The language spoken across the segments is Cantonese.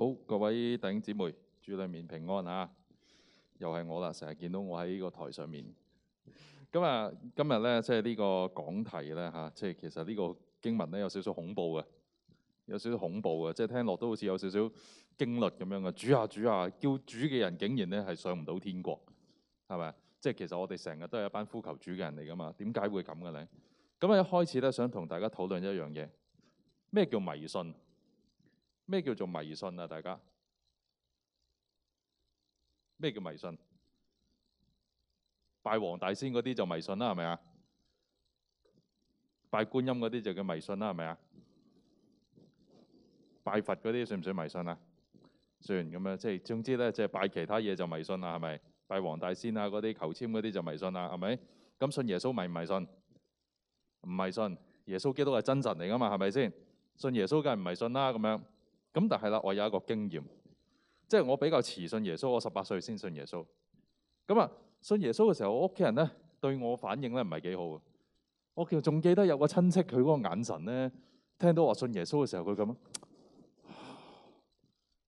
好，各位弟兄姊妹，主裏面平安啊！又係我啦，成日見到我喺呢個台上面。咁啊，今日咧，即係呢個講題咧，吓，即係其實呢個經文咧，有少少恐怖嘅，有少少恐怖嘅，即係聽落都好似有少少驚慄咁樣嘅。主啊，主啊，叫主嘅人竟然咧係上唔到天國，係咪啊？即係其實我哋成日都係一班呼求主嘅人嚟噶嘛？點解會咁嘅咧？咁啊，一開始咧，想同大家討論一樣嘢，咩叫迷信？咩叫做迷信啊？大家咩叫迷信？拜黃大仙嗰啲就迷信啦，係咪啊？拜觀音嗰啲就叫迷信啦，係咪啊？拜佛嗰啲算唔算迷信啊？算，咁樣，即係總之咧，即係拜其他嘢就迷信啦，係咪？拜黃大仙啊，嗰啲求簽嗰啲就迷信啦，係咪？咁信耶穌迷唔迷信？唔迷信，耶穌基督係真神嚟噶嘛？係咪先？信耶穌梗係唔迷信啦，咁樣。咁但係啦，我有一個經驗，即係我比較遲信耶穌，我十八歲先信耶穌。咁啊，信耶穌嘅時候，我屋企人咧對我反應咧唔係幾好。我其實仲記得有個親戚，佢嗰個眼神咧，聽到話信耶穌嘅時候，佢咁啊，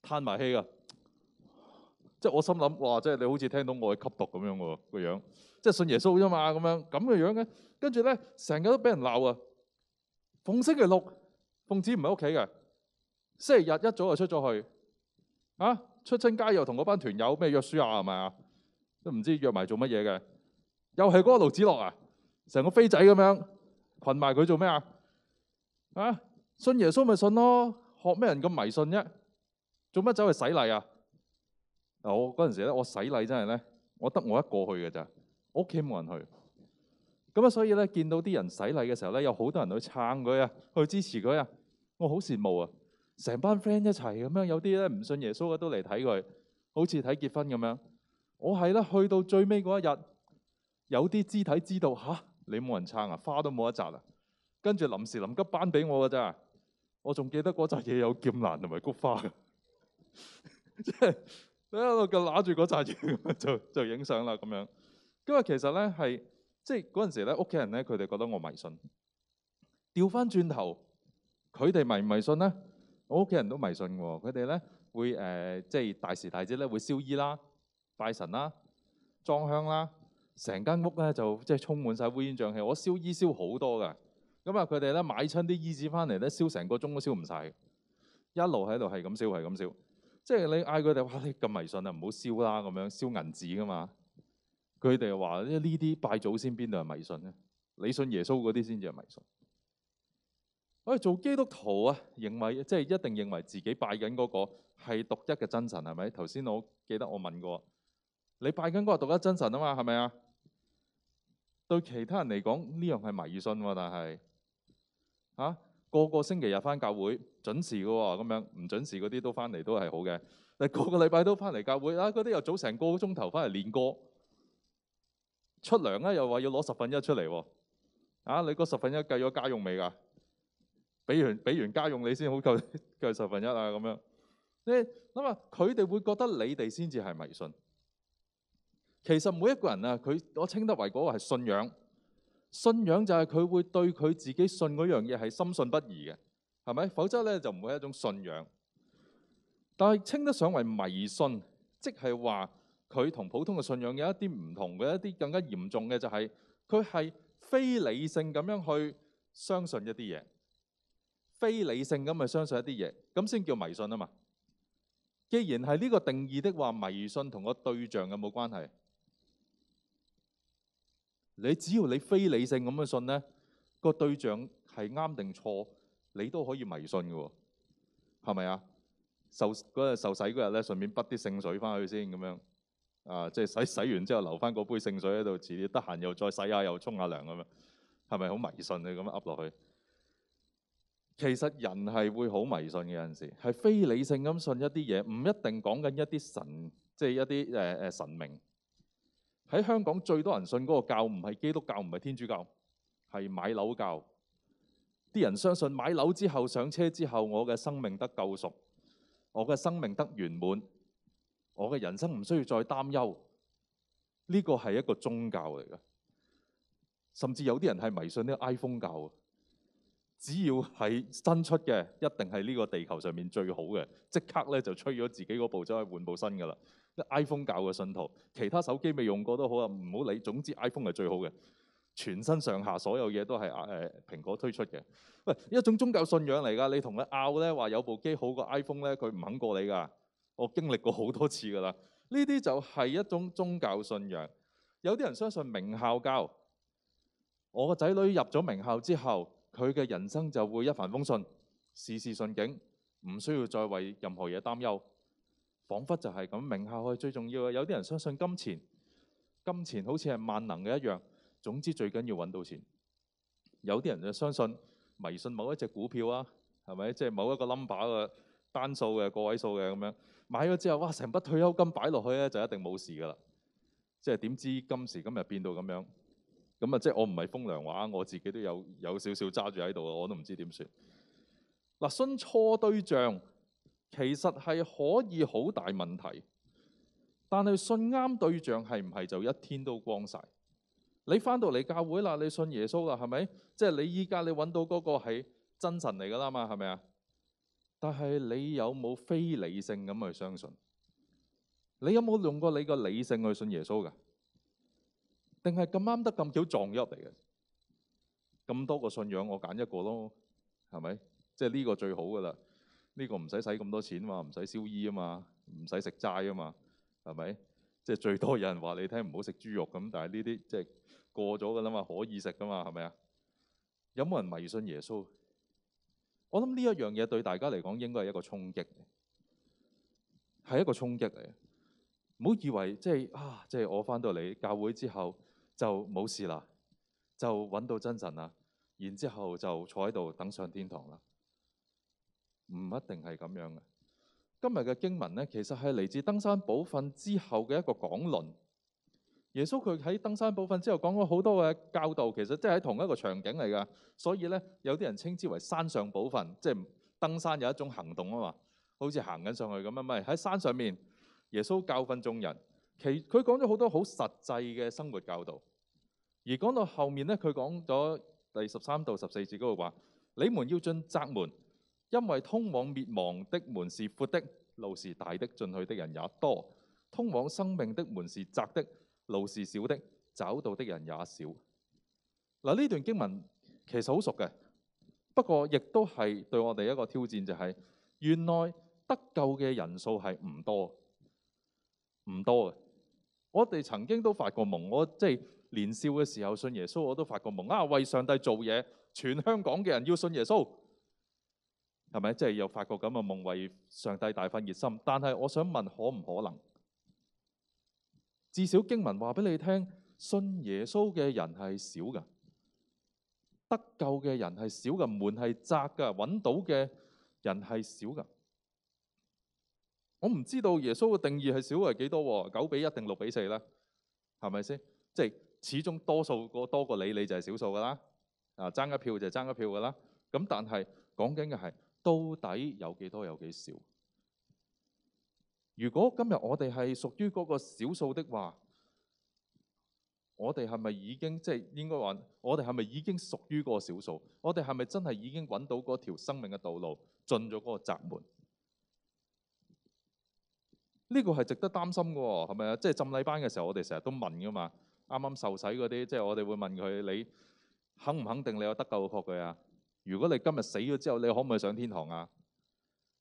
嘆埋氣啊。即係我心諗，哇！即係你好似聽到我去吸毒咁樣喎，個樣。即係信耶穌啫嘛，咁樣咁嘅樣嘅。跟住咧，成日都俾人鬧啊。逢星期六，奉旨唔喺屋企嘅。星期日一早就出咗去，啊出親街又同嗰班團友咩約書亞？係咪啊？都唔知約埋做乜嘢嘅，又係嗰個盧子樂啊，成個飛仔咁樣，群埋佢做咩啊？啊信耶穌咪信咯，學咩人咁迷信啫、啊？做乜走去洗禮啊？嗱我嗰陣時咧，我洗禮真係咧，我得我一個去嘅咋，屋企冇人去。咁啊，所以咧見到啲人洗禮嘅時候咧，有好多人去撐佢啊，去支持佢啊，我好羨慕啊！成班 friend 一齊咁樣，有啲咧唔信耶穌嘅都嚟睇佢，好似睇結婚咁樣。我係啦，去到最尾嗰一日，有啲肢體知道吓，你冇人撐啊，花都冇一扎啦。跟住臨時臨急頒俾我嘅咋，我仲記得嗰扎嘢有劍蘭同埋菊花，即係你喺度咁拿住嗰扎嘢就就影相啦咁樣。今日其實咧係即係嗰陣時咧，屋企人咧佢哋覺得我迷信。調翻轉頭，佢哋迷唔迷信咧？我屋企人都迷信喎，佢哋咧會誒，即係大時大節咧會燒衣啦、拜神啦、裝香啦，成間屋咧就即係充滿晒烏煙瘴氣。我燒衣燒好多嘅，咁啊佢哋咧買親啲衣紙翻嚟，咧燒成個鐘都燒唔晒。一路喺度係咁燒係咁燒。即係你嗌佢哋哇，你咁迷信啊，唔好燒啦咁樣，燒銀紙噶嘛。佢哋話呢啲拜祖先邊度係迷信咧？你信耶穌嗰啲先至係迷信。喂，做基督徒啊，認為即係一定認為自己拜緊嗰個係獨一嘅真神，係咪？頭先我記得我問過，你拜緊嗰個獨一真神啊嘛，係咪啊？對其他人嚟講，呢樣係迷信喎。但係，嚇、啊、個個星期日返教會準時嘅喎，咁樣唔準時嗰啲都返嚟都係好嘅。但係個個禮拜都返嚟教會啊，嗰啲又早成個鐘頭返嚟練歌，出糧咧又話要攞十分一出嚟喎。啊，你個十分一計咗家用未㗎？俾完俾完家用，你先好夠夠十分一啊！咁樣你諗下，佢哋會覺得你哋先至係迷信。其實每一個人啊，佢我稱得為嗰個係信仰。信仰就係佢會對佢自己信嗰樣嘢係深信不疑嘅，係咪？否則咧就唔會係一種信仰。但係稱得上為迷信，即係話佢同普通嘅信仰有一啲唔同嘅，一啲更加嚴重嘅就係佢係非理性咁樣去相信一啲嘢。非理性咁去相信一啲嘢，咁先叫迷信啊嘛！既然係呢個定義的話，迷信同個對象有冇關係？你只要你非理性咁去信咧，個對象係啱定錯，你都可以迷信嘅，係咪啊？受嗰日受洗嗰日咧，順便滗啲聖水翻去先咁樣，啊，即係洗洗完之後留翻嗰杯聖水喺度，遲啲得閒又再洗下又沖下涼咁樣，係咪好迷信啊？咁噏落去。其實人係會好迷信嘅，有陣時係非理性咁信一啲嘢，唔一定講緊一啲神，即係一啲誒誒神明。喺香港最多人信嗰個教，唔係基督教，唔係天主教，係買樓教。啲人相信買樓之後上車之後，我嘅生命得救贖，我嘅生命得圓滿，我嘅人生唔需要再擔憂。呢個係一個宗教嚟嘅，甚至有啲人係迷信呢個 iPhone 教。只要係新出嘅，一定係呢個地球上面最好嘅，即刻咧就吹咗自己嗰部，走去換部新嘅啦。iPhone 教嘅信徒，其他手機未用過都好啊，唔好理。總之 iPhone 係最好嘅，全身上下所有嘢都係誒、呃、蘋果推出嘅。喂，一種宗教信仰嚟㗎。你同佢拗咧，話有部機好過 iPhone 咧，佢唔肯過你㗎。我經歷過好多次㗎啦。呢啲就係一種宗教信仰。有啲人相信名校教，我個仔女入咗名校之後，佢嘅人生就會一帆風順，事事順境，唔需要再為任何嘢擔憂，彷彿就係咁明下去最重要嘅。有啲人相信金錢，金錢好似係萬能嘅一樣。總之最緊要揾到錢。有啲人就相信迷信某一隻股票啊，係咪？即係某一個 number 嘅單數嘅個位數嘅咁樣買咗之後，哇！成筆退休金擺落去呢，就一定冇事㗎喇。即係點知今時今日變到咁樣？咁啊，即係我唔係風涼話，我自己都有有少少揸住喺度啊，我都唔知點算。嗱，信錯對象其實係可以好大問題，但係信啱對，對象係唔係就一天都光晒？你翻到嚟教會啦，你信耶穌啦，係咪？即係你依家你揾到嗰個係真神嚟噶啦嘛，係咪啊？但係你有冇非理性咁去相信？你有冇用過你個理性去信耶穌㗎？定係咁啱得咁巧撞咗入嚟嘅，咁多個信仰我揀一個咯，係咪？即係呢個最好㗎啦，呢個唔使使咁多錢啊嘛，唔使燒衣啊嘛，唔使食齋啊嘛，係咪？即係最多有人話你聽唔好食豬肉咁，但係呢啲即係過咗㗎啦嘛，可以食㗎嘛，係咪啊？有冇人迷信耶穌？我諗呢一樣嘢對大家嚟講應該係一個衝擊，係一個衝擊嚟。唔好以為即係啊，即係我翻到嚟教會之後。就冇事啦，就揾到真神啦，然之後就坐喺度等上天堂啦。唔一定係咁樣嘅。今日嘅經文呢，其實係嚟自登山寶訓之後嘅一個講論。耶穌佢喺登山寶訓之後講咗好多嘅教導，其實即係同一個場景嚟㗎。所以呢，有啲人稱之為山上寶訓，即係登山有一種行動啊嘛，好似行緊上去咁啊？咪喺山上面，耶穌教訓眾人，其佢講咗好多好實際嘅生活教導。而講到後面呢，佢講咗第十三到十四節嗰度話：你們要進窄門，因為通往滅亡的門是闊的，路是大的，進去的人也多；通往生命的門是窄的，路是小的，找到的人也少。嗱，呢段經文其實好熟嘅，不過亦都係對我哋一個挑戰，就是，就係原來得救嘅人數係唔多，唔多嘅。我哋曾經都發過夢，我即係。年少嘅時候信耶穌，我都發過夢啊，為上帝做嘢，全香港嘅人要信耶穌，係咪？即係又發過咁嘅夢，為上帝大發熱心。但係我想問，可唔可能？至少經文話俾你聽，信耶穌嘅人係少㗎，得救嘅人係少㗎，門係窄㗎，揾到嘅人係少㗎。我唔知道耶穌嘅定義係少係幾多，九比一定六比四啦，係咪先？即係。始終多數個多過你，你就係少數噶啦。啊，爭一票就係爭一票噶啦。咁但係講緊嘅係，到底有幾多，有幾少？如果今日我哋係屬於嗰個少數的話，我哋係咪已經即係應該話？我哋係咪已經屬於嗰個少數？我哋係咪真係已經揾到嗰條生命嘅道路，進咗嗰個閘門？呢個係值得擔心嘅喎，係咪啊？即係浸禮班嘅時候，我哋成日都問噶嘛。啱啱受洗嗰啲，即係我哋會問佢：你肯唔肯定你有得救嘅確據啊？如果你今日死咗之後，你可唔可以上天堂啊？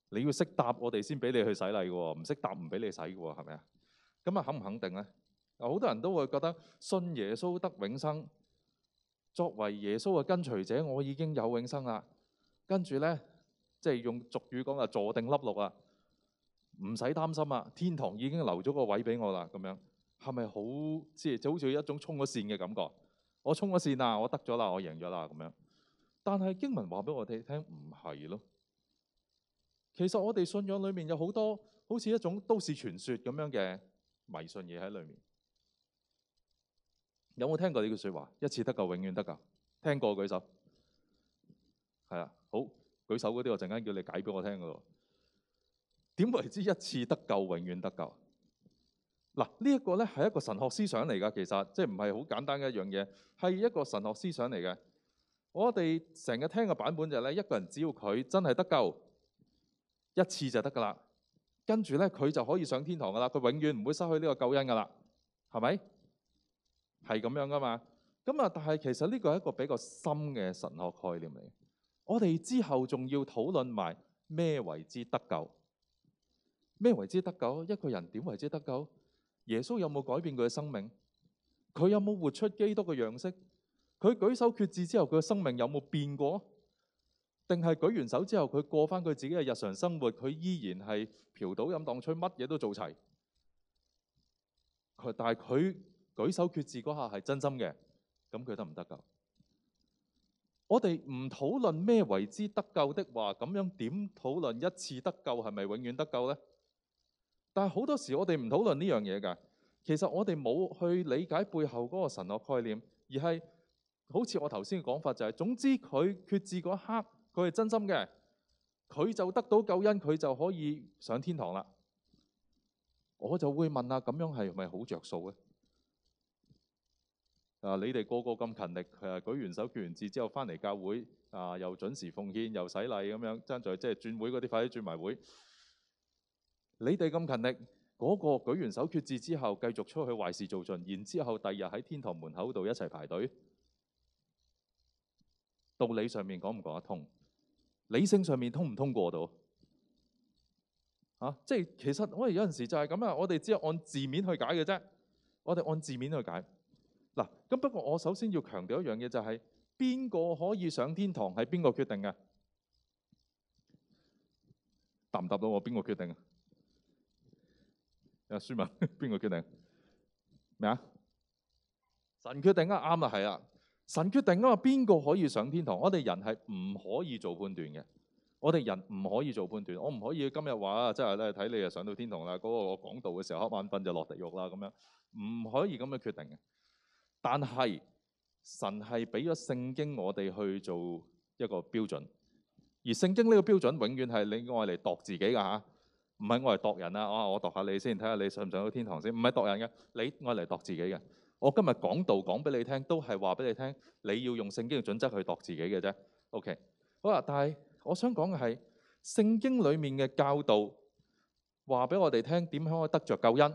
你要識答我哋先俾你去洗禮嘅喎，唔識答唔俾你洗嘅喎，係咪啊？咁啊，肯唔肯定呢？好多人都會覺得信耶穌得永生，作為耶穌嘅跟隨者，我已經有永生啦。跟住呢，即係用俗語講啊，坐定粒六啊，唔使擔心啦，天堂已經留咗個位俾我啦，咁樣。係咪好即係就好似一種衝咗線嘅感覺？我衝咗線啊，我得咗啦，我贏咗啦咁樣。但係經文話俾我哋聽，唔係咯。其實我哋信仰裏面有好多好似一種都市傳說咁樣嘅迷信嘢喺裏面。有冇聽過呢句説話？一次得救，永遠得救。聽過舉手。係啊，好，舉手嗰啲我陣間叫你解俾我聽嘅喎。點為之一次得救，永遠得救？嗱，呢一個咧係一個神學思想嚟㗎。其實即係唔係好簡單嘅一樣嘢，係一個神學思想嚟嘅。我哋成日聽嘅版本就係咧，一個人只要佢真係得救一次就得㗎啦，跟住咧佢就可以上天堂㗎啦。佢永遠唔會失去呢個救恩㗎啦，係咪係咁樣㗎嘛？咁啊，但係其實呢個係一個比較深嘅神學概念嚟。我哋之後仲要討論埋咩為之得救，咩為之得救，一個人點為之得救？耶穌有冇改變佢嘅生命？佢有冇活出基督嘅樣式？佢舉手決志之後，佢嘅生命有冇變過？定係舉完手之後，佢過返佢自己嘅日常生活，佢依然係嫖賭飲蕩吹，乜嘢都做齊。但係佢舉手決志嗰下係真心嘅，咁佢得唔得救？我哋唔討論咩為之得救的話，咁樣點討論一次得救係咪永遠得救呢？但係好多時我哋唔討論呢樣嘢嘅，其實我哋冇去理解背後嗰個神學概念，而係好似我頭先嘅講法就係、是，總之佢決志嗰刻佢係真心嘅，佢就得到救恩，佢就可以上天堂啦。我就會問啊，咁樣係咪好着數咧？啊，你哋個個咁勤力，誒舉完手決完志之後返嚟教會，啊又準時奉獻，又洗禮咁樣，爭在即係轉會嗰啲快啲轉埋會。你哋咁勤力，嗰、那個舉完手決志之後，繼續出去壞事做盡，然之後第日喺天堂門口度一齊排隊，道理上面講唔講得通？理性上面通唔通過到？吓、啊，即係其實我哋有陣時就係咁啊！我哋只係按字面去解嘅啫，我哋按字面去解。嗱、啊，咁不過我首先要強調一樣嘢、就是，就係邊個可以上天堂係邊個決定嘅？答唔答到我？邊個決定啊？啊，書文邊個決定？咩啊，啊，啊？神決定啊，啱啊，係啊。神決定啊，邊個可以上天堂？我哋人係唔可以做判斷嘅，我哋人唔可以做判斷，我唔可以今日話即係咧睇你啊上到天堂啦，嗰、嗰個講道嘅時候瞌眼瞓就落地獄啦，咁樣唔可以咁嘅決定嘅、啊。但係神係俾咗聖經我哋去做一個標準，而聖經呢個標準永遠係你愛嚟度自己噶吓。唔係我嚟度人啊！我我度下你先，睇下你上唔上到天堂先。唔係度人嘅，你我嚟度自己嘅。我今日講道講俾你聽，都係話俾你聽，你要用聖經嘅準則去度自己嘅啫。OK，好啦。但係我想講嘅係聖經裡面嘅教導，話俾我哋聽點樣可以得着救恩。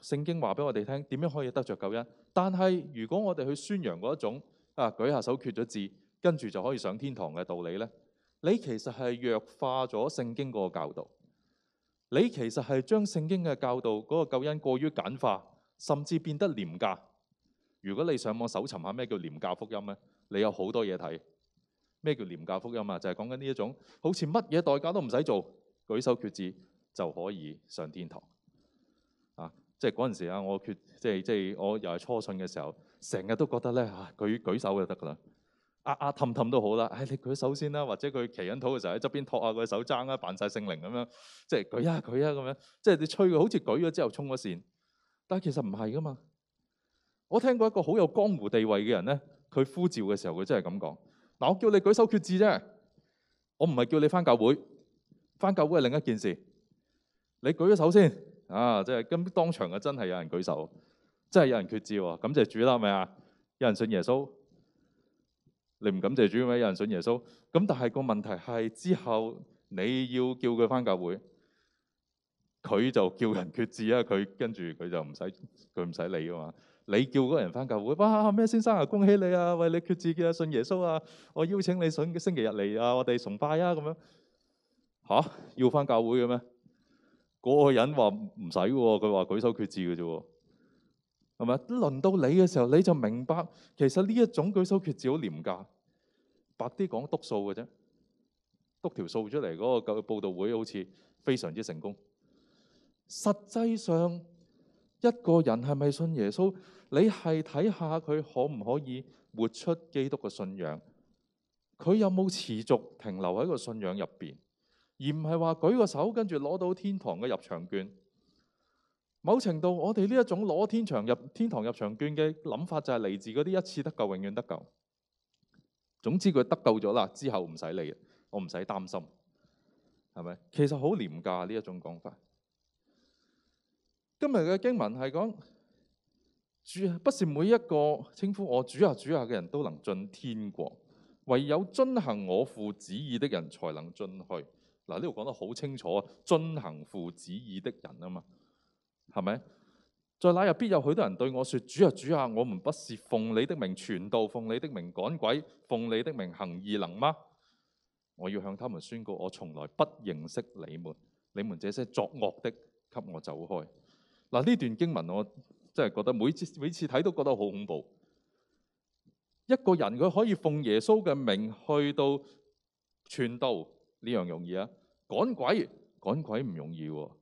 聖經話俾我哋聽點樣可以得着救恩。但係如果我哋去宣揚嗰一種啊舉下手決咗志，跟住就可以上天堂嘅道理呢，你其實係弱化咗聖經嗰個教導，你其實係將聖經嘅教導嗰、嗰個救恩過於簡化，甚至變得廉價。如果你上網搜尋下咩叫廉價福，福音呢，你有好多嘢睇。咩叫廉價福音啊？就係講緊呢一種好似乜嘢代價都唔使做，舉手決志就可以上天堂。啊，即係嗰陣時啊，我決即係即係我又係初信嘅時候，成日都覺得呢，嚇、啊，舉舉，舉手就得㗎喇。阿阿氹氹都好啦，唉、哎，你舉手先啦，或者佢祈緊禱嘅時候喺側邊托下佢手踭啦，扮晒聖靈咁樣，即係舉啊舉啊咁樣，即係你吹佢好似舉咗之後衝咗線，但係其實唔係噶嘛。我聽過一個好有江湖地位嘅人咧，佢呼召嘅時候佢真係咁講，嗱，我叫你舉手決志啫，我唔係叫你翻教會，翻教會係另一件事。你舉咗手先，啊，即係咁當場嘅真係有人舉手，真係有人決志喎，感謝主啦，係咪啊？有人信耶穌。你唔感謝主咩？有人信耶穌。咁但係個問題係之後你要叫佢翻教會，佢就叫人決志啊！佢跟住佢就唔使佢唔使理啊嘛。你叫嗰個人翻教會，哇咩先生啊，恭喜你啊，為你決志啊，信耶穌啊，我邀請你信星期日嚟啊，我哋崇拜啊咁樣吓、啊？要翻教會嘅咩？嗰、嗰個人話唔使喎，佢話舉手決志嘅啫喎。係咪？輪到你嘅時候，你就明白，其實呢一種舉手決志好廉價，白啲講篤數嘅啫，篤條數出嚟嗰個嘅佈道會，好似非常之成功。實際上，一個人係咪信耶穌？你係睇下佢可唔可以活出基督嘅信仰？佢有冇持續停留喺個信仰入邊，而唔係話舉個手，跟住攞到天堂嘅入場券？某程度，我哋呢一種攞天堂入天堂入場券嘅諗法，就係嚟自嗰啲一次得救，永遠得救。總之佢得救咗啦，之後唔使理，我唔使擔心，係咪？其實好廉價呢一種講法。今日嘅經文係講主不是每一個稱呼我主、啊、主、啊、嘅、啊、人都能進天國，唯有遵行我父旨意的人才能進去。嗱，呢度講得好清楚，遵行父旨意的人啊嘛。係咪？在那日必有許多人對我說：主啊主啊，我們不是奉你的名傳道、奉你的名趕鬼、奉你的名行異能嗎？我要向他們宣告：我從來不認識你們，你們這些作惡的，給我走開！嗱、啊，呢段經文我真係覺得每次每次睇都覺得好恐怖。一個人佢可以奉耶穌嘅名去到傳道，呢樣容易啊？趕鬼，趕鬼唔容易喎、啊。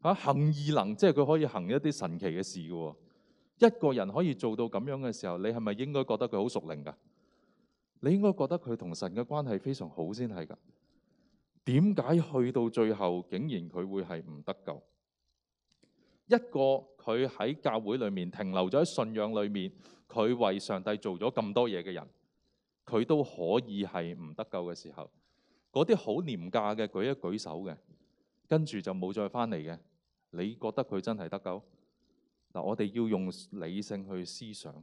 嚇、啊，行異能，即係佢可以行一啲神奇嘅事嘅喎、哦。一個人可以做到咁樣嘅時候，你係咪應該覺得佢好熟靈嘅？你應該覺得佢同神嘅關係非常好先係㗎？點解去到最後竟然佢會係唔得救？一個佢喺教會裏面停留咗喺信仰裏面，佢為上帝做咗咁多嘢嘅人，佢都可以係唔得救嘅時候，嗰啲好廉價嘅，舉一舉手嘅，跟住就冇再翻嚟嘅。你覺得佢真係得救？嗱，我哋要用理性去思想。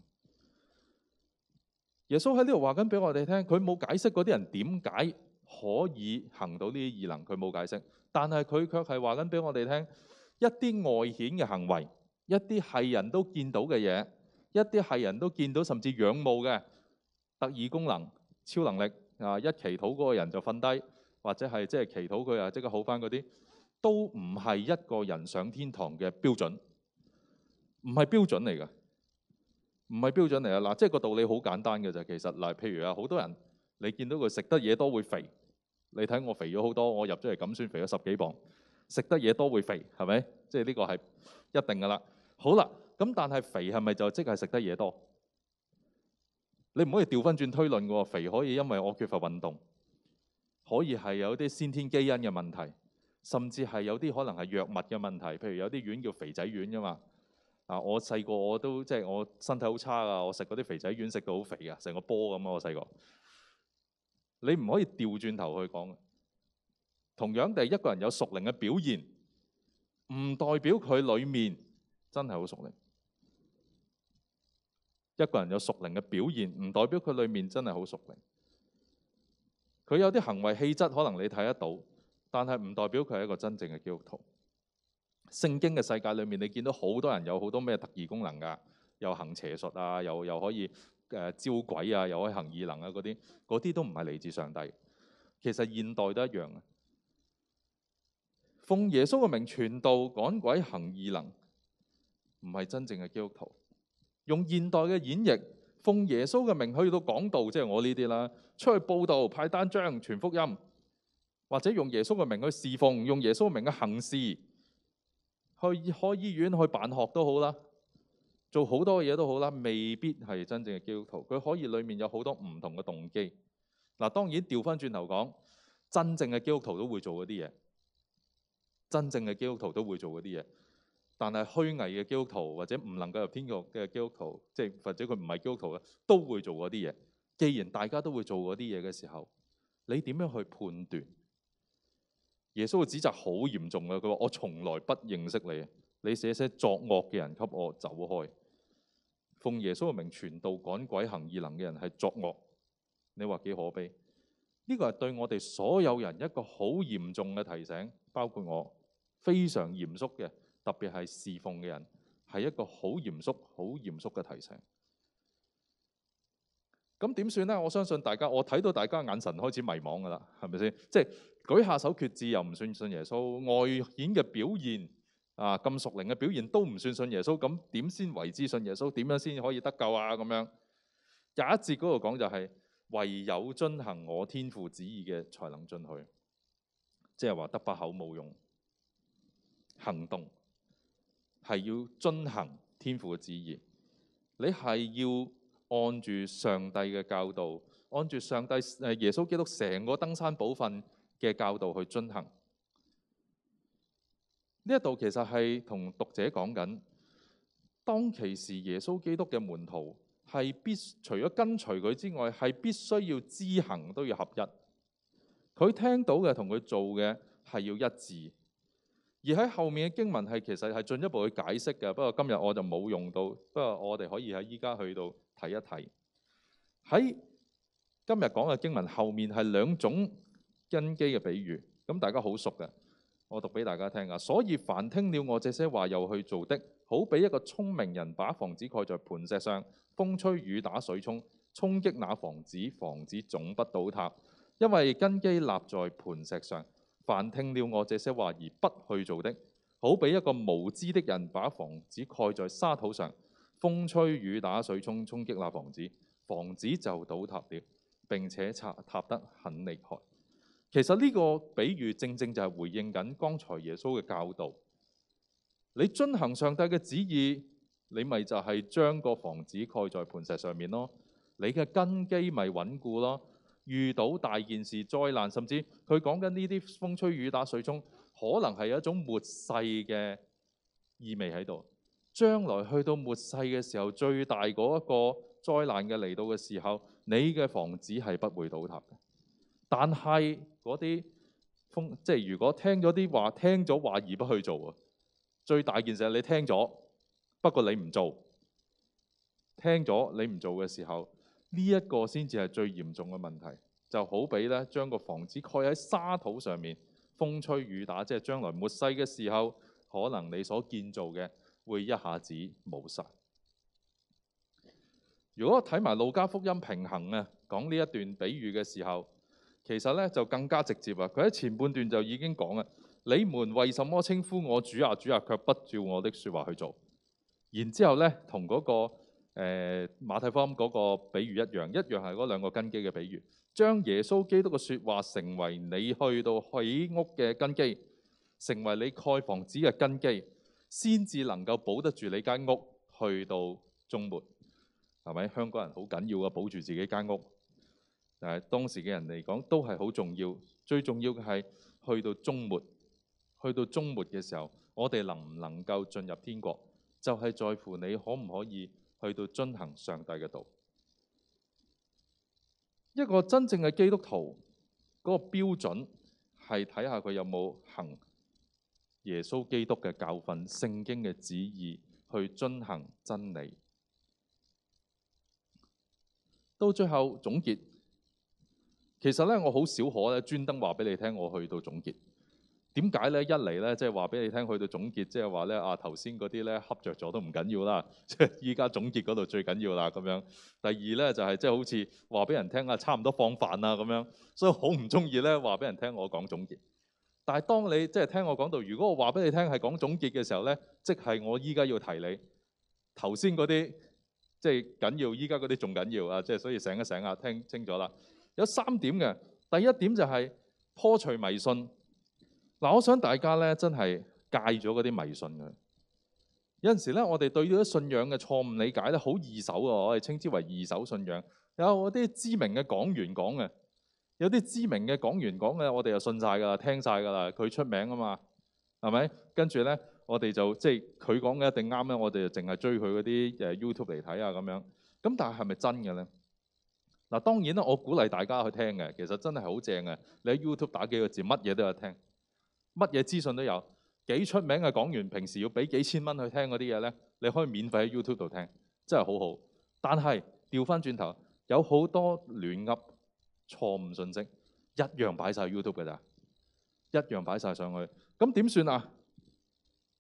耶穌喺呢度話緊俾我哋聽，佢冇解釋嗰啲人點解可以行到呢啲異能，佢冇解釋。但係佢卻係話緊俾我哋聽，一啲外顯嘅行為，一啲係人都見到嘅嘢，一啲係人都見到甚至仰慕嘅特異功能、超能力啊！一祈禱嗰個人就瞓低，或者係即係祈禱佢啊，即刻好翻嗰啲，都唔係一個人上天堂嘅標準，唔係標準嚟嘅，唔係標準嚟啊！嗱，即係個道理好簡單嘅啫。其實嗱，譬如啊，好多人你見到佢食得嘢多會肥，你睇我肥咗好多，我入咗嚟咁先肥咗十幾磅，食得嘢多會肥，係咪？即係呢個係一定嘅啦。好啦，咁但係肥係咪就即係食得嘢多？你唔可以調翻轉推論喎，肥可以因為我缺乏運動，可以係有啲先天基因嘅問題。甚至係有啲可能係藥物嘅問題，譬如有啲丸叫肥仔丸㗎嘛。啊，我細個我都即係我身體好差啊，我食嗰啲肥仔丸食到好肥啊，成個波咁啊！我細個，你唔可以調轉頭去講。同樣地，一個人有屬靈嘅表現，唔代表佢裏面真係好屬靈。一個人有屬靈嘅表現，唔代表佢裏面真係好屬靈。佢有啲行為氣質，可能你睇得到，但係唔代表佢係一個真正嘅基督徒。聖經嘅世界裏面，你見到好多人有好多咩特異功能㗎，又行邪術啊，又又可以誒、呃、招鬼啊，又可以行異能啊。嗰啲，嗰啲都唔係嚟自上帝。其實現代都一樣。奉耶穌嘅名傳道、趕鬼、行異能，唔係真正嘅基督徒。用現代嘅演繹，奉耶穌嘅名去到講道，即、就、係、是、我呢啲啦，出去佈道、派單張、傳福音。或者用耶穌嘅名去侍奉，用耶穌嘅名去行事，去開醫院、去辦學都好啦，做好多嘢都好啦，未必係真正嘅基督徒。佢可以裏面有好多唔同嘅動機。嗱，當然調翻轉頭講，真正嘅基督徒都會做嗰啲嘢，真正嘅基督徒都會做嗰啲嘢。但係虛偽嘅基督徒或者唔能夠入天國嘅基督徒，即係或者佢唔係基督徒咧，都會做嗰啲嘢。既然大家都會做嗰啲嘢嘅時候，你點樣去判斷？耶穌嘅指責好嚴重㗎！佢話，我從來不認識你，你寫些作惡嘅人給我走開。奉耶穌嘅名傳道、趕鬼、行異能嘅人係作惡，你話幾可悲？呢個係對我哋所有人一個好嚴重嘅提醒，包括我，非常嚴肅嘅，特別係侍奉嘅人，係一個好嚴肅、好嚴肅嘅提醒。咁點算呢？我相信大家，我睇到大家眼神開始迷惘噶啦，係咪先？即係。舉下手決志又唔算信耶穌，外顯嘅表現啊，咁屬靈嘅表現都唔算信耶穌。咁點先為之信耶穌？點樣先可以得救啊？咁樣廿一節嗰度講就係、是、唯有遵行我天父旨意嘅才能進去，即係話得把口冇用，行動係要遵行天父嘅旨意，你係要按住上帝嘅教導，按住上帝耶穌基督成個登山寶訓。嘅教導去進行呢一度，其實係同讀者講緊當其時，耶穌基督嘅門徒係必除咗跟隨佢之外，係必須要知行都要合一。佢聽到嘅同佢做嘅係要一致。而喺後面嘅經文係其實係進一步去解釋嘅，不過今日我就冇用到。不過我哋可以喺依家去到睇一睇喺今日講嘅經文後面係兩種。根基嘅比喻，咁大家好熟嘅，我讀俾大家聽啊。所以凡聽了我這些話又去做的，好比一個聰明人把房子蓋在磐石上，風吹雨打水沖，衝擊那房子，房子總不倒塌，因為根基立在磐石上。凡聽了我這些話而不去做的，好比一個無知的人把房子蓋在沙土上，風吹雨打水沖，衝擊那房子，房子就倒塌了，並且拆塌得很厲害。其實呢個比喻正正就係回應緊剛才耶穌嘅教導。你遵行上帝嘅旨意，你咪就係將個房子蓋在磐石上面咯。你嘅根基咪穩固咯。遇到大件事、災難，甚至佢講緊呢啲風吹雨打、水沖，可能係一種末世嘅意味喺度。將來去到末世嘅時候，最大嗰一個災難嘅嚟到嘅時候，你嘅房子係不會倒塌嘅。但係嗰啲風，即係如果聽咗啲話，聽咗話而不去做啊！最大件事係你聽咗，不過你唔做。聽咗你唔做嘅時候，呢、這、一個先至係最嚴重嘅問題。就好比呢，將個房子蓋喺沙土上面，風吹雨打，即係將來末世嘅時候，可能你所建造嘅會一下子冇晒。如果睇埋路加福音平衡啊，講呢一段比喻嘅時候。其實咧就更加直接啊！佢喺前半段就已經講啊：你們為什麼稱呼我主啊主啊，卻不照我的説話去做？然之後呢，同嗰、那個誒、呃、馬太方音嗰個比喻一樣，一樣係嗰兩個根基嘅比喻，將耶穌基督嘅説話成為你去到起屋嘅根基，成為你蓋房子嘅根基，先至能夠保得住你間屋去到終末。係咪香港人好緊要啊？保住自己間屋。但係當時嘅人嚟講都係好重要，最重要嘅係去到終末，去到終末嘅時候，我哋能唔能夠進入天國，就係、是、在乎你可唔可以去到遵行上帝嘅道。一個真正嘅基督徒嗰個標準係睇下佢有冇行耶穌基督嘅教訓、聖經嘅旨意去遵行真理。到最後總結。其實咧，我好少可咧專登話俾你聽，我去到總結點解咧？一嚟咧，即係話俾你聽，去到總結，即係話咧啊頭先嗰啲咧恰着咗都唔緊要啦，即係依家總結嗰度最緊要啦咁樣。第二咧就係即係好似話俾人聽啊，差唔多放飯啦咁樣，所以好唔中意咧話俾人聽我講總結。但係當你即係、就是、聽我講到，如果我話俾你聽係講總結嘅時候咧，即係我依家要提你頭先嗰啲，即係、就是、緊要，依家嗰啲仲緊要啊！即係所以醒一醒啊，聽清楚啦。有三點嘅，第一點就係破除迷信。嗱、啊，我想大家咧真係戒咗嗰啲迷信嘅。有陣時咧，我哋對呢啲信仰嘅錯誤理解咧，好二手啊！我哋稱之為二手信仰。有啲知名嘅講員講嘅，有啲知名嘅講員講嘅，我哋就信晒噶啦，聽晒噶啦。佢出名啊嘛，係咪？跟住咧，我哋就即係佢講嘅一定啱咧。我哋就淨係追佢嗰啲誒 YouTube 嚟睇啊咁樣。咁但係係咪真嘅咧？嗱，當然咧，我鼓勵大家去聽嘅，其實真係好正嘅。你喺 YouTube 打幾個字，乜嘢都有聽，乜嘢資訊都有。幾出名嘅講員，講完平時要俾幾千蚊去聽嗰啲嘢呢，你可以免費喺 YouTube 度聽，真係好好。但係調翻轉頭，有好多亂噏、錯誤信息，一樣擺曬 YouTube 嘅咋，一樣擺晒上去。咁點算啊？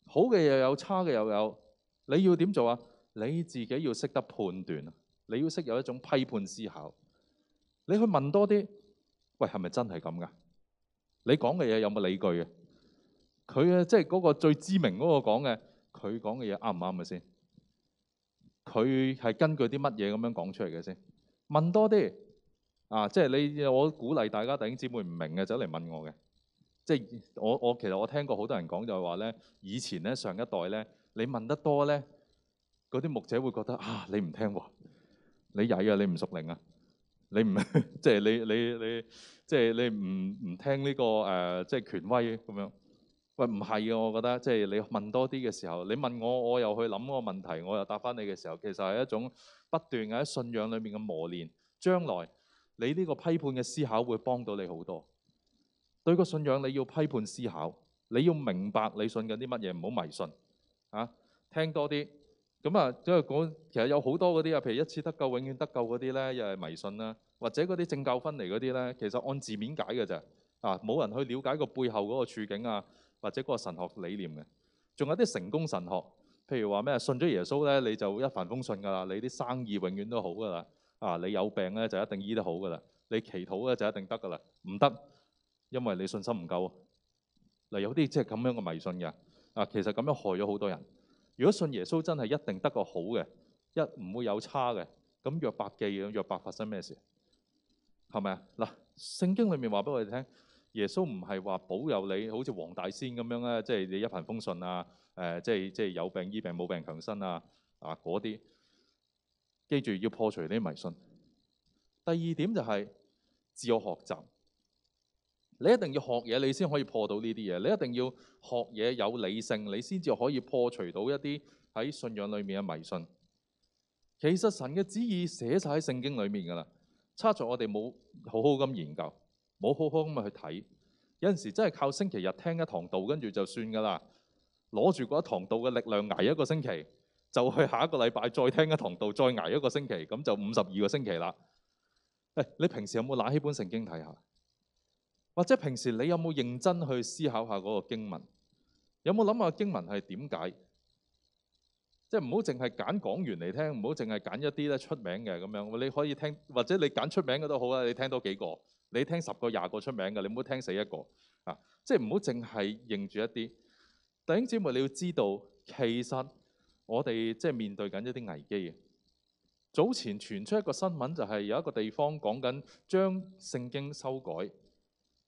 好嘅又有，差嘅又有，你要點做啊？你自己要識得判斷。你要識有一種批判思考，你去問多啲，喂，係咪真係咁噶？你講嘅嘢有冇理據嘅？佢嘅即係嗰個最知名嗰個講嘅，佢講嘅嘢啱唔啱嘅先？佢係根據啲乜嘢咁樣講出嚟嘅先？問多啲，啊，即係你，我鼓勵大家弟兄姊妹唔明嘅，走嚟問我嘅，即係我我其實我聽過好多人講就係話咧，以前咧上一代咧，你問得多咧，嗰啲牧者會覺得啊，你唔聽話。你曳啊！你唔熟靈啊！你唔即係你你你即係、即係、你唔唔聽呢、呢個誒即係權威咁樣？喂，唔係嘅，我覺得即係、即係、你問多啲嘅時候，你問我，我又去諗個問題，我又答翻你嘅時候，其實係一種不斷喺信仰裏面嘅磨練。將來你呢個批判嘅思考會幫到你好多。對個信仰你要批判思考，你要明白你信緊啲乜嘢，唔好迷信嚇、啊。聽多啲。咁啊，因為講其實有好多嗰啲啊，譬如一次得救永遠得救嗰啲咧，又係迷信啦，或者嗰啲政教分離嗰啲咧，其實按字面解嘅咋。啊冇人去了解個背後嗰個處境啊，或者嗰個神學理念嘅。仲有啲成功神學，譬如話咩信咗耶穌咧你就一帆風順㗎啦，你啲生意永遠都好㗎啦，啊你有病咧就一定醫得好㗎啦，你祈禱咧就一定得㗎啦，唔得，因為你信心唔夠啊。嗱，有啲即係咁樣嘅迷信嘅，啊其實咁樣害咗好多人。如果信耶穌真係一定得個好嘅，一唔會有差嘅，咁約伯記啊，約伯發生咩事？係咪啊？嗱，聖經裏面話俾我哋聽，耶穌唔係話保佑你，好似黃大仙咁樣啊，即係你一帆風順啊，誒、呃，即係即係有病醫病，冇病強身啊，啊嗰啲，記住要破除呢啲迷信。第二點就係自我學習。你一定要學嘢，你先可以破到呢啲嘢。你一定要學嘢有理性，你先至可以破除到一啲喺信仰裏面嘅迷信。其實神嘅旨意寫晒喺聖經裏面噶啦，差在我哋冇好好咁研究，冇好好咁去睇。有陣時真係靠星期日聽一堂道，跟住就算噶啦。攞住嗰一堂道嘅力量挨一個星期，就去下一個禮拜再聽一堂道，再挨一個星期，咁就五十二個星期啦。你平時有冇拎起本聖經睇下？或者平時你有冇認真去思考下嗰個經文？有冇諗下經文係點解？即係唔好淨係揀講員嚟聽，唔好淨係揀一啲咧出名嘅咁樣。你可以聽，或者你揀出名嘅都好啊。你聽多幾個，你聽十個、廿個出名嘅，你唔好聽死一個啊！即係唔好淨係認住一啲弟兄姊妹。你要知道，其實我哋即係面對緊一啲危機嘅。早前傳出一個新聞，就係、是、有一個地方講緊將聖經修改。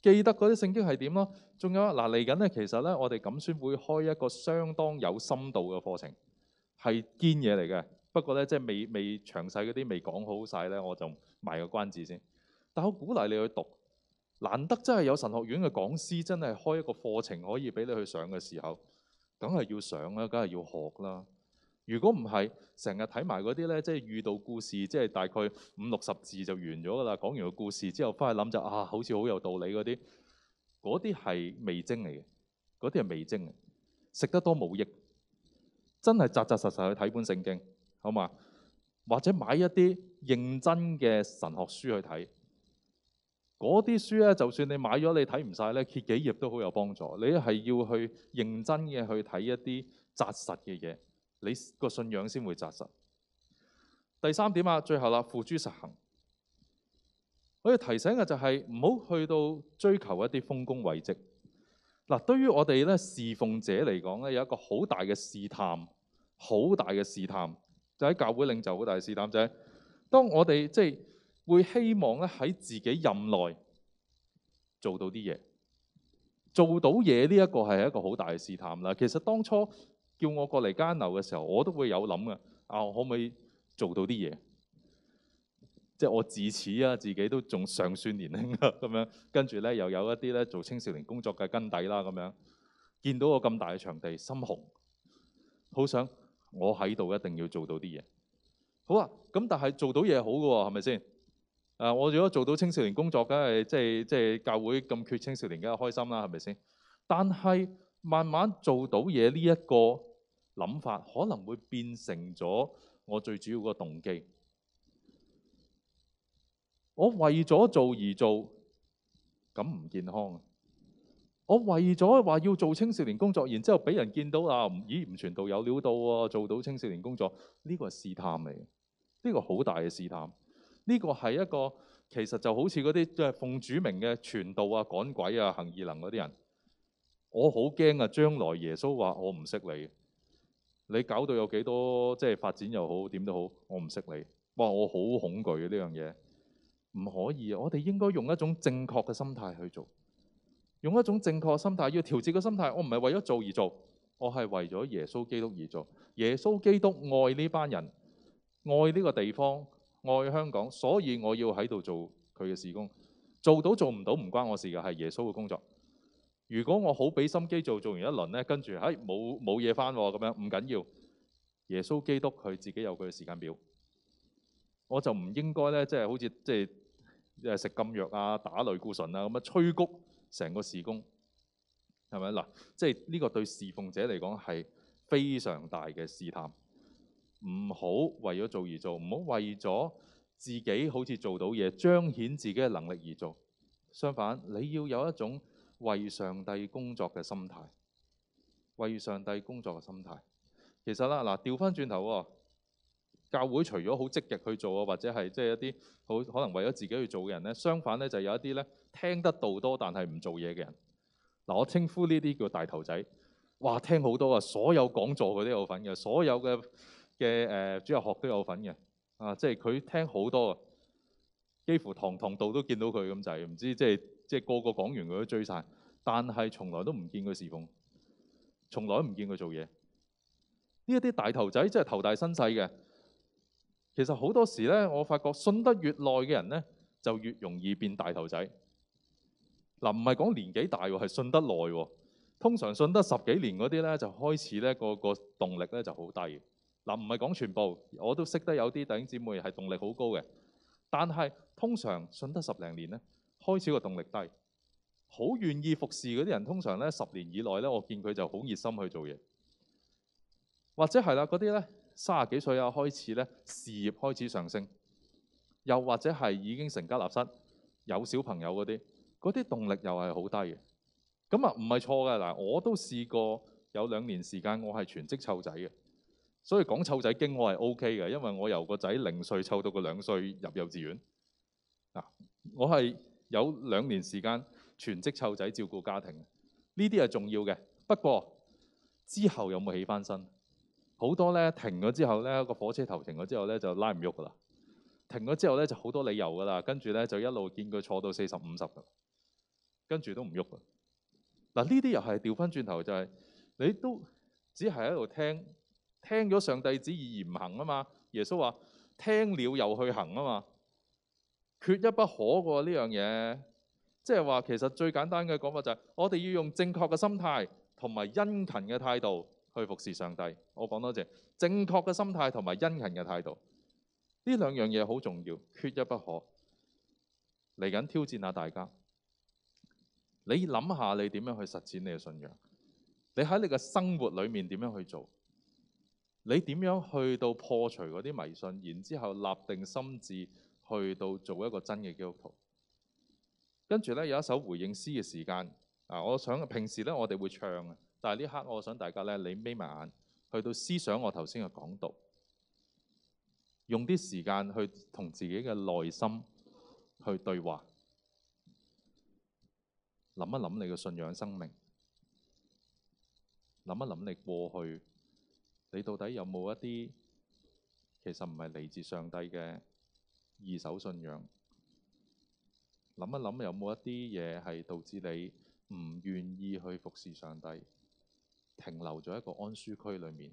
記得嗰啲聖經係點咯？仲有嗱嚟緊咧，其實呢，我哋錦宣會開一個相當有深度嘅課程，係堅嘢嚟嘅。不過呢，即係未未詳細嗰啲未講好晒呢，我就賣個關子先。但係我鼓勵你去讀，難得真係有神學院嘅講師真係開一個課程可以俾你去上嘅時候，梗係要上啦，梗係要學啦。如果唔係，成日睇埋嗰啲呢，即係喻道故事，即係大概五六十字就完咗噶啦。講完個故事之後，翻去諗就啊，好似好有道理嗰啲，嗰啲係味精嚟嘅，嗰啲係味精嘅，食得多冇益。真係扎扎實實去睇本聖經，好嘛？或者買一啲認真嘅神學書去睇嗰啲書呢，就算你買咗你睇唔晒呢，揭幾頁都好有幫助。你係要去認真嘅去睇一啲扎實嘅嘢。你個信仰先會紮實。第三點啊，最後啦，付諸實行。我要提醒嘅就係唔好去到追求一啲豐功偉績。嗱，對於我哋咧侍奉者嚟講咧，有一個好大嘅試探，好大嘅試探，就喺教會領袖好大嘅試探，就係當我哋即係會希望咧喺自己任內做到啲嘢，做到嘢呢一個係一個好大嘅試探啦。其實當初。叫我過嚟加恩樓嘅時候，我都會有諗嘅：「啊，我可唔可以做到啲嘢？即係我自此啊，自己都仲尚算年輕啊，咁樣跟住咧又有一啲咧做青少年工作嘅根底啦，咁樣見到個咁大嘅場地，心紅，好想我喺度一定要做到啲嘢。好啊，咁但係做到嘢好㗎喎，係咪先？啊，我如果做到青少年工作，梗係即係即係教會咁缺青少年，梗係開心啦，係咪先？但係慢慢做到嘢呢一個。諗法可能會變成咗我最主要個動機。我為咗做而做，咁唔健康。我為咗話要做青少年工作，然之後俾人見到啊，咦，唔傳道有料到喎，做到青少年工作，呢個係試探嚟，呢個好大嘅試探。呢個係一個其實就好似嗰啲即係奉主名嘅傳道啊、趕鬼啊、行異能嗰啲人，我好驚啊！將來耶穌話我唔識你。你搞到有幾多即係發展又好點都好，我唔識你。哇！我好恐懼呢樣嘢，唔可以啊！我哋應該用一種正確嘅心態去做，用一種正確心態，要調節個心態。我唔係為咗做而做，我係為咗耶穌基督而做。耶穌基督愛呢班人，愛呢個地方，愛香港，所以我要喺度做佢嘅事工。做到做唔到唔關我事㗎，係耶穌嘅工作。如果我好俾心機做，做完一輪咧，跟住唉，冇冇嘢返咁樣，唔緊要。耶穌基督佢自己有佢嘅時間表，我就唔應該咧，即係好似即係食禁藥啊、打類固醇啊、咁啊，催谷成個事工，係咪嗱？即係呢個對侍奉者嚟講係非常大嘅試探。唔好為咗做而做，唔好為咗自己好似做到嘢彰顯自己嘅能力而做。相反，你要有一種。為上帝工作嘅心態，為上帝工作嘅心態，其實啦，嗱調返轉頭喎，教會除咗好積極去做啊，或者係即係一啲好可能為咗自己去做嘅人咧，相反咧就有一啲咧聽得道多但係唔做嘢嘅人。嗱，我稱呼呢啲叫大頭仔。哇，聽好多啊，所有講座佢都有份嘅，所有嘅嘅誒主日學都有份嘅啊，即係佢聽好多啊，幾乎堂堂道都見到佢咁就係，唔知即係。即係個個講完佢都追晒，但係從來都唔見佢侍奉，從來都唔見佢做嘢。呢一啲大頭仔真係頭大身細嘅。其實好多時呢，我發覺信得越耐嘅人呢，就越容易變大頭仔。嗱、呃，唔係講年紀大喎，係信得耐喎。通常信得十幾年嗰啲呢，就開始呢個個動力呢就好低。嗱、呃，唔係講全部，我都識得有啲弟兄姊妹係動力好高嘅，但係通常信得十零年呢。開始個動力低，好願意服侍嗰啲人，通常咧十年以來咧，我見佢就好熱心去做嘢。或者係啦，嗰啲咧三十幾歲啊開始咧事業開始上升，又或者係已經成家立室有小朋友嗰啲，嗰啲動力又係好低嘅。咁啊唔係錯嘅嗱，我都試過有兩年時間，我係全職湊仔嘅，所以講湊仔經我係 OK 嘅，因為我由個仔零歲湊到個兩歲入幼稚園嗱，我係。有兩年時間全職湊仔照顧家庭，呢啲係重要嘅。不過之後有冇起翻身？好多呢，停咗之後呢，個火車頭停咗之後呢就拉唔喐噶啦。停咗之後呢，就好多理由噶啦，跟住呢，就一路見佢坐到四十五十噶，跟住都唔喐噶。嗱呢啲又係調翻轉頭就係、是、你都只係喺度聽聽咗上帝旨意而唔行啊嘛。耶穌話聽了又去行啊嘛。缺一不可喎，呢樣嘢，即係話其實最簡單嘅講法就係，我哋要用正確嘅心態同埋殷勤嘅態度去服侍上帝。我講多謝，正確嘅心態同埋殷勤嘅態度，呢兩樣嘢好重要，缺一不可。嚟緊挑戰下大家，你諗下你點樣去實踐你嘅信仰？你喺你嘅生活裏面點樣去做？你點樣去到破除嗰啲迷信？然之後立定心志？去到做一個真嘅基督徒，跟住咧有一首回應詩嘅時間啊！我想平時咧我哋會唱，但係呢刻我想大家咧，你眯埋眼，去到思想我頭先嘅講道，用啲時間去同自己嘅內心去對話，諗一諗你嘅信仰生命，諗一諗你過去你到底有冇一啲其實唔係嚟自上帝嘅？二手信仰，諗一諗有冇一啲嘢係導致你唔願意去服侍上帝，停留咗喺一個安舒區裏面。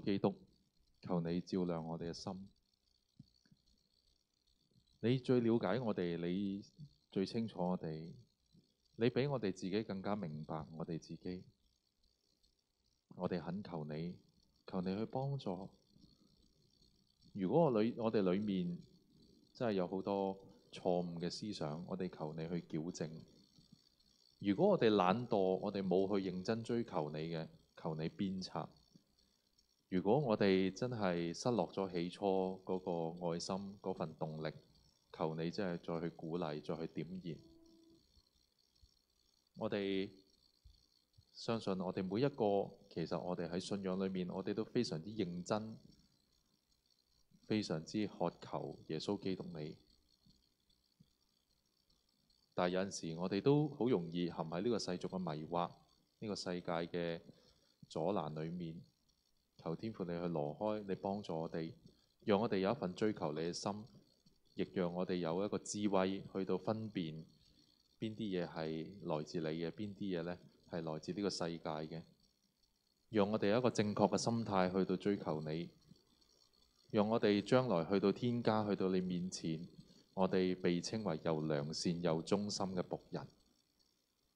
主基督，求你照亮我哋嘅心。你最了解我哋，你最清楚我哋，你比我哋自己更加明白我哋自己。我哋懇求你，求你去幫助。如果我裏我哋裏面真係有好多錯誤嘅思想，我哋求你去矯正。如果我哋懶惰，我哋冇去認真追求你嘅，求你鞭策。如果我哋真係失落咗起初嗰個愛心嗰份動力，求你真係再去鼓勵，再去點燃我哋。相信我哋每一個其實我哋喺信仰裏面，我哋都非常之認真，非常之渴求耶穌基督你。但有陣時，我哋都好容易陷喺呢個世俗嘅迷惑、呢、這個世界嘅阻攔裏面。求天父你去挪開，你幫助我哋，讓我哋有一份追求你嘅心，亦讓我哋有一個智慧去到分辨邊啲嘢係來自你嘅，邊啲嘢咧係來自呢個世界嘅，讓我哋有一個正確嘅心態去到追求你，讓我哋將來去到天家，去到你面前，我哋被稱為又良善又忠心嘅僕人，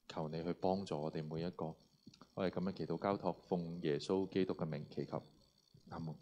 求你去幫助我哋每一個。我係咁樣祈禱交託，奉耶穌基督嘅名祈求，阿門。